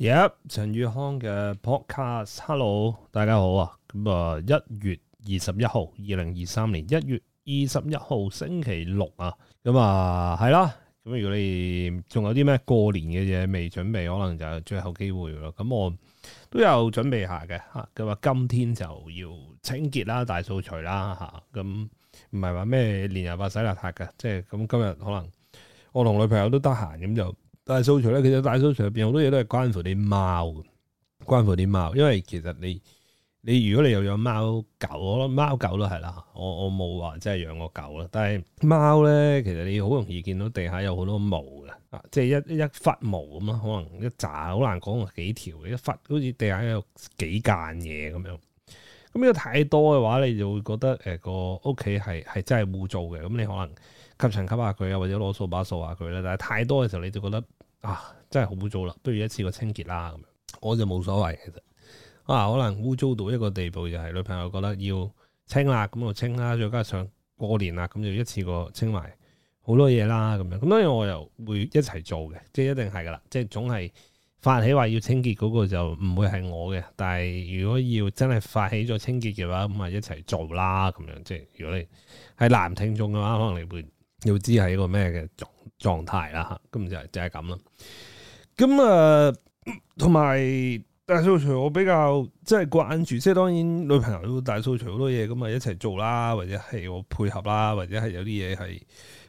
Yep, 陳宇康嘅 podcast，Hello，大家好啊！咁啊，一月二十一號，二零二三年一月二十一號星期六啊！咁、嗯、啊，係、嗯、啦。咁如果你仲有啲咩過年嘅嘢未準備，可能就有最後機會咯。咁、嗯、我都有準備下嘅吓。咁、嗯、啊，今天就要清潔啦、大掃除啦吓。咁唔係話咩年廿八、啊、洗邋遢嘅，即係咁、嗯、今日可能我同女朋友都得閒，咁就。大掃除咧，其實大掃除入邊好多嘢都係關乎啲貓，關乎啲貓，因為其實你你如果你有養貓狗，我貓狗都係啦，我我冇話真係養過狗啦，但係貓咧，其實你好容易見到地下有好多毛嘅、啊，即係一一忽毛咁咯，可能一紮，好難講話幾條一忽好似地下有幾間嘢咁樣，咁、嗯、呢個太多嘅話，你就會覺得誒個屋企係係真係污糟嘅，咁、嗯、你可能吸塵吸下佢啊，或者攞掃把掃下佢啦，但係太多嘅時候你就覺得。啊，真係好污糟啦，不如一次過清潔啦咁樣，我就冇所謂其實。啊，可能污糟到一個地步，就係女朋友覺得要清啦，咁就清啦。再加上過年啦，咁就一次過清埋好多嘢啦咁樣。咁當然我又會一齊做嘅，即係一定係㗎啦，即係總係發起話要清潔嗰個就唔會係我嘅。但係如果要真係發起咗清潔嘅話，咁咪一齊做啦咁樣。即係如果你係男聽眾嘅話，可能你會。要知係一個咩嘅狀狀態啦，咁就就係咁啦。咁啊，同、呃、埋大掃除我比較即係慣住，即係當然女朋友都大掃除好多嘢，咁啊，一齊做啦，或者係我配合啦，或者係有啲嘢係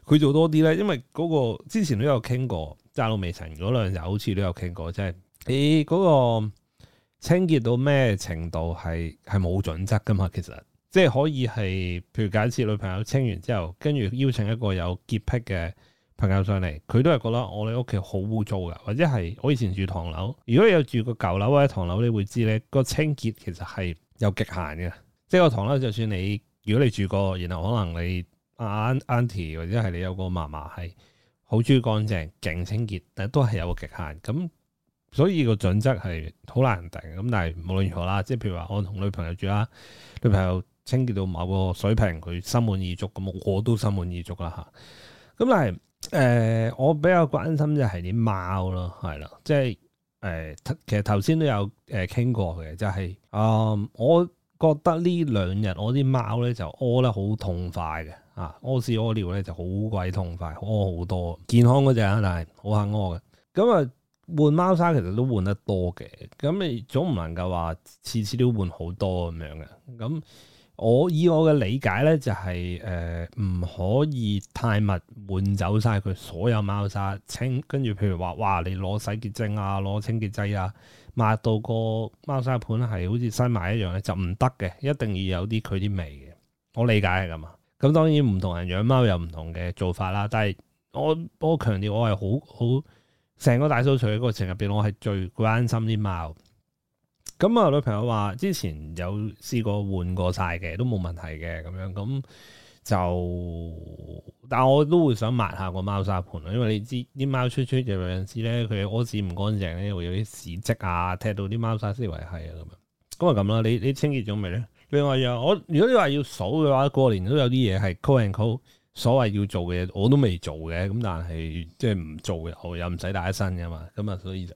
佢做多啲咧。因為嗰個之前都有傾過，爭到未塵嗰兩日，好似都有傾過，即係你嗰個清潔到咩程度係係冇準則㗎嘛，其實。即係可以係，譬如假設女朋友清完之後，跟住邀請一個有潔癖嘅朋友上嚟，佢都係覺得我哋屋企好污糟嘅，或者係我以前住唐樓，如果你有住過舊樓或者唐樓，你會知咧，個清潔其實係有極限嘅。即係個唐樓，就算你如果你住過，然後可能你阿 Auntie 或者係你有個嫲嫲係好中意乾淨、勁清潔，但都係有個極限。咁所以個準則係好難定。咁但係無論如何啦，即係譬如話我同女朋友住啦，女朋友。清潔到某個水平，佢心滿意足，咁我都心滿意足啦吓。咁但係誒，我比較關心就係啲貓咯，係啦，即係誒，其實頭先都有誒傾、呃、過嘅，就係、是，嗯、呃，我覺得兩我呢兩日我啲貓咧就屙得好痛快嘅，啊，屙屎屙尿咧就好鬼痛快，屙好多，健康嗰隻啊，但係好肯屙嘅。咁、嗯、啊，換貓砂其實都換得多嘅，咁你總唔能夠話次次都換好多咁樣嘅，咁、嗯。我以我嘅理解咧，就係誒唔可以太密換走晒佢所有貓砂清，跟住譬如話哇，你攞洗潔精啊，攞清潔劑啊，抹到個貓砂盤係好似新買一樣咧，就唔得嘅，一定要有啲佢啲味嘅。我理解係咁啊。咁當然唔同人養貓有唔同嘅做法啦，但係我我強調我，我係好好成個大掃除嘅過程入邊，我係最關心啲貓。咁啊，女、嗯、朋友話之前有試過換過晒嘅，都冇問題嘅咁樣。咁就，但係我都會想抹下個貓砂盤啊，因為你知啲貓出出嘅有陣時咧，佢屙屎唔乾淨咧，會有啲屎跡啊，踢到啲貓砂絲維係啊咁樣。咁啊咁啦，你你清潔咗未咧？另外又我，如果你話要數嘅話，過年都有啲嘢係 call and call，所謂要做嘅嘢我都未做嘅，咁但係即係唔做我又又唔使帶一身嘅嘛。咁啊，所以就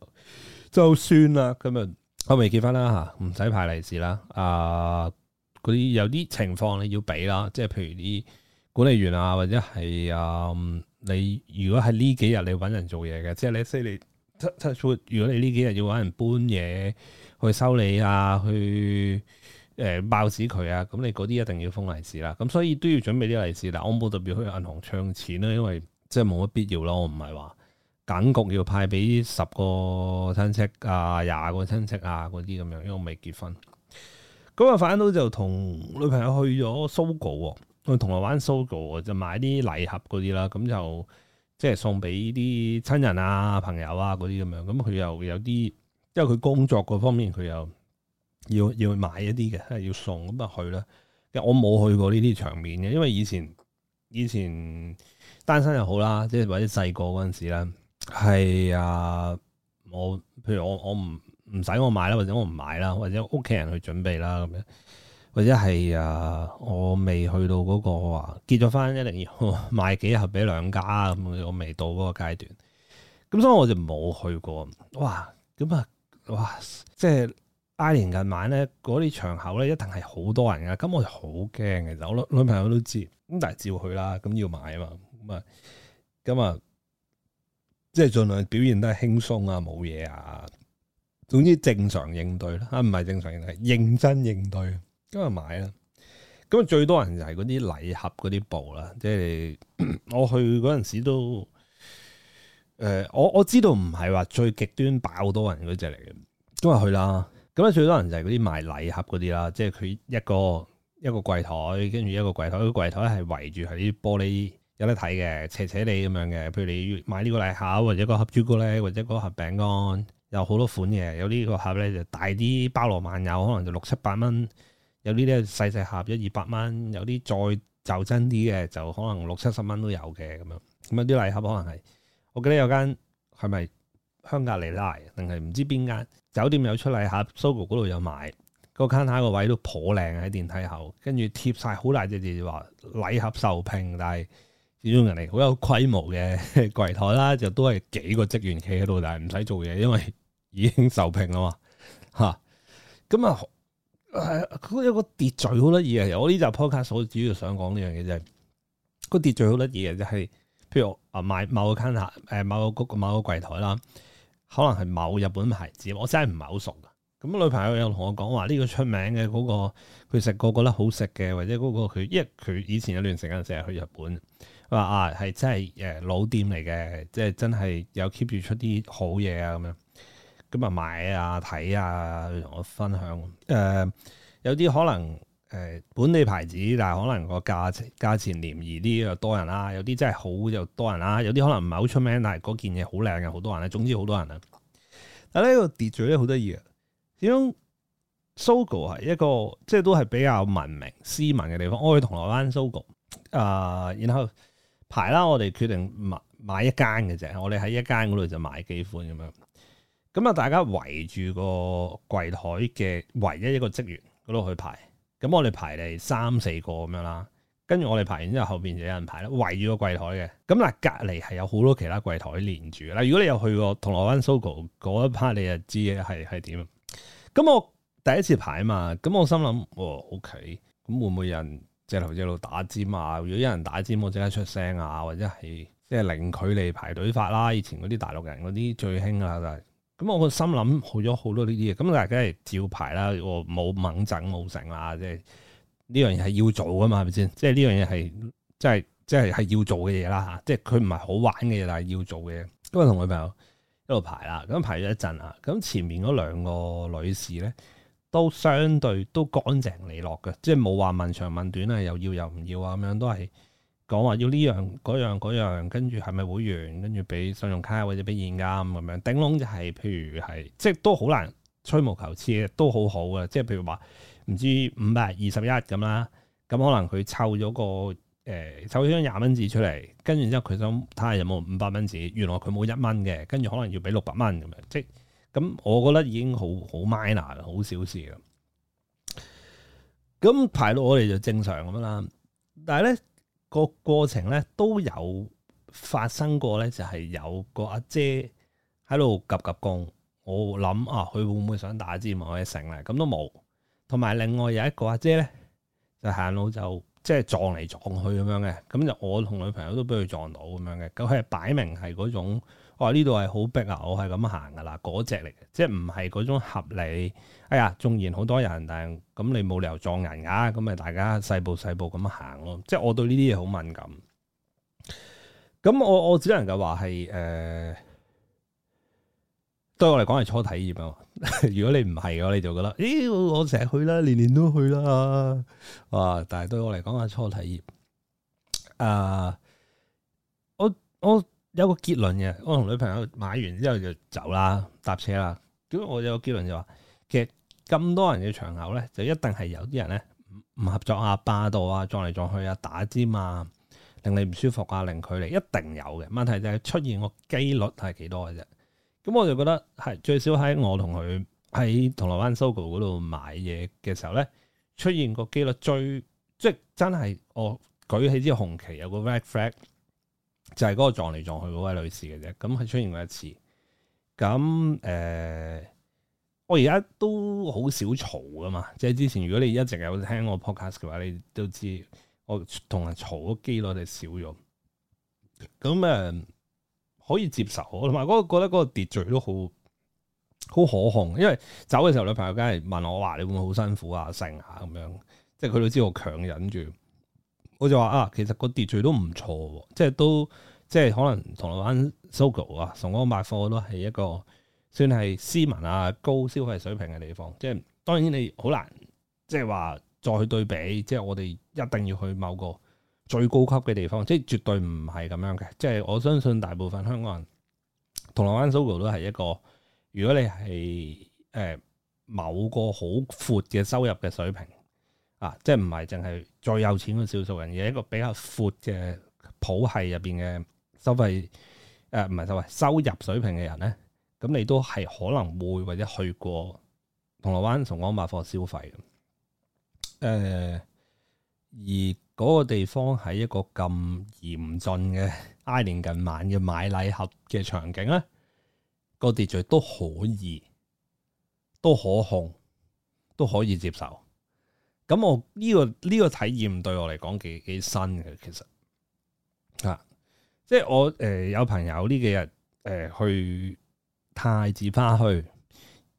就算啦。咁啊。我未結婚啦嚇，唔使派利是啦。啊、呃，嗰啲有啲情況你要俾啦，即係譬如啲管理員啊，或者係誒、呃、你如果係呢幾日你揾人做嘢嘅，即係你即係你出如果你呢幾日要揾人搬嘢去修理啊，去誒爆屎佢啊，咁你嗰啲一定要封利是啦。咁所以都要準備啲利是，但我冇特別去銀行唱錢啦，因為即係冇乜必要咯，我唔係話。梗局要派俾十個親戚啊，廿個親戚啊，嗰啲咁樣，因為我未結婚，咁啊，反到就同女朋友去咗 Sogo，去銅鑼灣 Sogo 就買啲禮盒嗰啲啦，咁就即係送俾啲親人啊、朋友啊嗰啲咁樣，咁佢又有啲，因為佢工作嗰方面佢又要要去買一啲嘅，要送咁啊去啦。我冇去過呢啲場面嘅，因為以前以前單身又好啦，即係或者細個嗰陣時咧。係啊，我譬如我我唔唔使我買啦，或者我唔買啦，或者屋企人去準備啦咁樣，或者係啊，我未去到嗰個話結咗婚一定要買幾盒俾兩家啊咁，我未到嗰個階段，咁所以我就冇去過。哇，咁啊，哇，即係挨年近晚咧，嗰啲場口咧一定係好多人噶，咁我就好驚嘅就我女女朋友都知，咁但係照去啦，咁要買啊嘛，咁啊，咁啊。即係儘量表現得係輕鬆啊，冇嘢啊，總之正常應對啦。啊，唔係正常應對，認真應對。今日買啦。咁啊，最多人就係嗰啲禮盒嗰啲布啦。即係我去嗰陣時都，誒、呃，我我知道唔係話最極端爆多人嗰隻嚟嘅。今日去啦。咁啊，最多人就係嗰啲賣禮盒嗰啲啦。即係佢一個一個櫃台，跟住一個櫃台，一個櫃台係圍住喺啲玻璃。有得睇嘅，斜斜哋咁樣嘅，譬如你買呢個禮盒，或者個盒朱古力，或者個盒餅乾，有好多款嘅。有呢個盒咧就大啲，包羅萬有，可能就六七百蚊；有啲咧細細盒，一二百蚊；有啲再就真啲嘅，就可能六七十蚊都有嘅咁樣。咁有啲禮盒可能係，我記得有間係咪香格里拉定係唔知邊間酒店有出禮盒，Sogo 嗰度有賣，個坑下個位都頗靚，喺電梯口，跟住貼晒好大隻字話禮盒受聘，但係。呢種人哋好有規模嘅櫃台啦，就都係幾個職員企喺度，但係唔使做嘢，因為已經受聘啦嘛嚇。咁啊，係佢有個秩序好得意嘅，我呢集 Podcast 所主要想講呢樣嘢就係個秩序好得意嘅，就係譬如啊賣某個 counter，誒某個嗰某個櫃台啦，可能係某日本牌子，我真係唔係好熟㗎。咁女朋友有同我講話呢個出名嘅嗰、那個，佢食過覺得好食嘅，或者嗰、那個佢，因為佢以前有段時間成日去日本。話啊，係真係誒老店嚟嘅，即係真係有 keep 住出啲好嘢啊咁樣，咁啊買啊睇啊同我分享誒、呃，有啲可能誒、呃、本地牌子，但係可能個價錢價錢廉宜啲又多人啦，有啲真係好又多人啦，有啲可能唔係好出名，但係嗰件嘢好靚嘅好多人啊，總之好多人啊。但呢個秩序咧好得意啊，始終 Sogo 係一個即係都係比較文明斯文嘅地方。我去銅鑼灣 Sogo 啊、呃，然後。排啦，我哋決定買買一間嘅啫，我哋喺一間嗰度就買幾款咁樣。咁啊，大家圍住個櫃台嘅唯一一個職員嗰度去排。咁我哋排嚟三四個咁樣啦，跟住我哋排完之後後邊就有人排啦，圍住個櫃台嘅。咁嗱，隔籬係有好多其他櫃台連住啦。如果你有去過銅鑼灣 Sogo 嗰一 part，你就知係係點。咁我第一次排啊嘛，咁我心諗，哦，OK，咁會唔會有人？即借路一路打尖啊？如果有人打尖，我即刻出聲啊，或者係即係零距離排隊法啦。以前嗰啲大陸人嗰啲最興啊，就咁我個心諗好咗好多呢啲嘢。咁大家梗係照排啦，我冇猛整冇成啦，即係呢樣嘢係要做噶嘛，係咪先？即係呢樣嘢係即係即係係要做嘅嘢啦吓。即係佢唔係好玩嘅嘢，但係要做嘅嘢。咁啊，同我女朋友一路排啦，咁排咗一陣啊，咁前面嗰兩個女士咧。都相對都乾淨利落嘅，即係冇話問長問短啊，又要又唔要啊咁樣，都係講話要呢樣嗰樣嗰樣，跟住係咪會員，跟住俾信用卡或者俾現金咁樣。頂籠就係、是、譬如係，即係都好難吹毛求疵，都好好嘅。即係譬如話，唔知五百二十一咁啦，咁可能佢湊咗個誒湊咗張廿蚊紙出嚟，跟住之後佢想睇下有冇五百蚊紙，原來佢冇一蚊嘅，跟住可能要俾六百蚊咁樣，即咁、嗯、我覺得已經好好 minor 啦，好小事嘅。咁、嗯、排到我哋就正常咁啦。但係咧個過程咧都有發生過咧，就係有個阿姐喺度夾夾工，我諗啊，佢會唔會想打字望佢成咧？咁都冇。同埋另外有一個阿姐咧，就行路就即係、就是、撞嚟撞去咁樣嘅。咁就我同女朋友都俾佢撞到咁樣嘅。咁佢係擺明係嗰種。我呢度係好逼啊！我係咁行噶啦，嗰隻嚟嘅，即係唔係嗰種合理。哎呀，縱然好多人，但係咁你冇理由撞人啊！咁咪大家細步細步咁行咯。即係我對呢啲嘢好敏感。咁我我只能夠話係誒、呃，對我嚟講係初體驗啊。 如果你唔係嘅話，你就覺得，咦，我成日去啦，年年都去啦，哇！但係對我嚟講係初體驗。啊、呃，我我。有個結論嘅，我同女朋友買完之後就走啦，搭車啦。咁我有個結論就話、是，其實咁多人嘅場口咧，就一定係有啲人咧唔合作啊、霸道啊、撞嚟撞去啊、打尖啊，令你唔舒服啊、令佢離一定有嘅。問題就係出現個機率係幾多嘅啫。咁我就覺得係最少喺我同佢喺銅鑼灣 Sogo 嗰度買嘢嘅時候咧，出現個機率最即係真係我舉起支紅旗有個 red flag。就係嗰個撞嚟撞去嗰位女士嘅啫，咁佢出現過一次。咁誒、呃，我而家都好少嘈㗎嘛。即係之前，如果你一直有聽我 podcast 嘅話，你都知我同人嘈嘅機會就少咗。咁誒、呃，可以接受，同埋嗰個覺得嗰個秩序都好，好可控。因為走嘅時候，女朋友梗係問我話，你會唔會好辛苦啊、成下咁樣？即係佢都知道我強忍住。我就話啊，其實個秩序都唔錯，即係都即係可能銅鑼灣 Sogo 啊，同我買貨都係一個算係斯文啊、高消費水平嘅地方。即係當然你好難即係話再去對比，即係我哋一定要去某個最高級嘅地方，即係絕對唔係咁樣嘅。即係我相信大部分香港人銅鑼灣 Sogo 都係一個，如果你係誒、呃、某個好闊嘅收入嘅水平。啊！即係唔係淨係最有錢嘅少數人，而係一個比較闊嘅譜係入邊嘅收費誒，唔、呃、係收費收入水平嘅人咧，咁你都係可能會或者去過銅鑼灣崇光百貨消費嘅。誒、呃，而嗰個地方喺一個咁嚴峻嘅挨年近晚嘅買禮盒嘅場景咧，個秩序都可以，都可控，都可以接受。咁我呢、這個呢、這個體驗對我嚟講幾幾新嘅，其實啊，即係我誒有朋友呢幾日誒、呃、去太子花墟，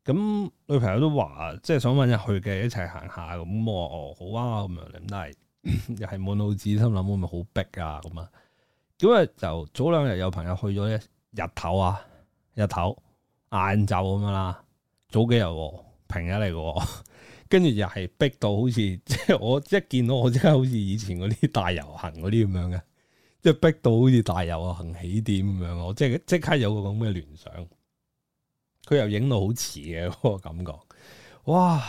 咁、嗯、女朋友都話即係想搵日去嘅，一齊行下咁我哦，好啊咁、 啊、樣，但係又係滿腦子心諗會唔會好逼啊咁啊？咁啊就早兩日有朋友去咗一日頭啊，日頭晏晝咁樣啦，早幾日、啊、平日嚟嘅、啊。跟住又係逼到好似，即係我一見到我即係好似以前嗰啲大遊行嗰啲咁樣嘅，即係逼到好似大遊行起點咁樣，我即係即刻有個咁嘅聯想，佢又影到好遲嘅個感覺，哇！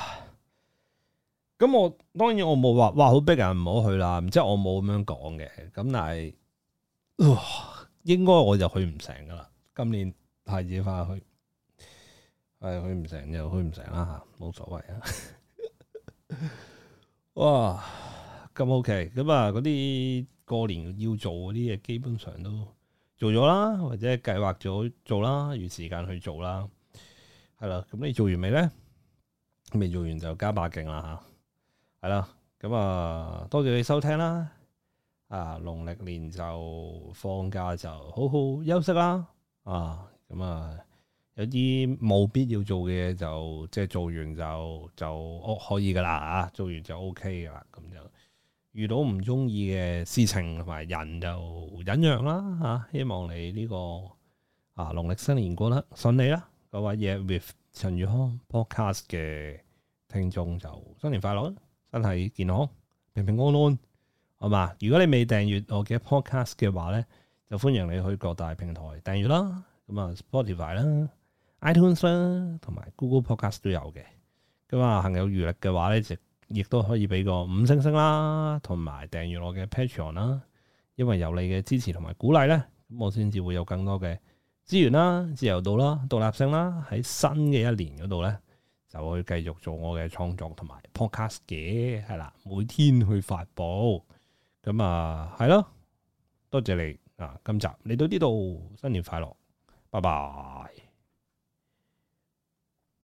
咁我當然我冇話哇好逼人唔好去啦，即係我冇咁樣講嘅。咁但係、呃、應該我就去唔成噶啦。今年太子花去係去唔成，又去唔成啦吓，冇所謂啊。 哇，咁 OK，咁啊，嗰啲過年要做嗰啲嘢，基本上都做咗啦，或者計劃咗做啦，餘時間去做啦，係啦，咁你做完未咧？未做完就加把勁啦吓，係啦，咁啊，多謝你收聽啦，啊，農曆年就放假就好好休息啦，啊，咁啊。有啲冇必要做嘅嘢，就即係做完就就 O 可以噶啦嚇，做完就 O K 噶啦。咁就遇到唔中意嘅事情同埋人就忍讓啦嚇、啊。希望你呢、呢個啊農曆新年過得順利啦，各位嘢 with 陳宇康 podcast 嘅聽眾就新年快樂，身體健康，平平安安，好嘛？如果你未訂閱我嘅 podcast 嘅話咧，就歡迎你去各大平台訂閱啦。咁啊，Spotify 啦～iTunes 啦，同埋 Google Podcast 都有嘅，咁、嗯、啊，行有餘力嘅話咧，就亦都可以俾個五星星啦，同埋訂閲我嘅 Patreon 啦，因為有你嘅支持同埋鼓勵咧，咁我先至會有更多嘅資源啦、自由度啦、獨立性啦，喺新嘅一年嗰度咧，就會繼續做我嘅創作同埋 Podcast 嘅，係啦，每天去發布，咁、嗯、啊，係、嗯、咯，多謝你啊，今集嚟到呢度，新年快樂，拜拜。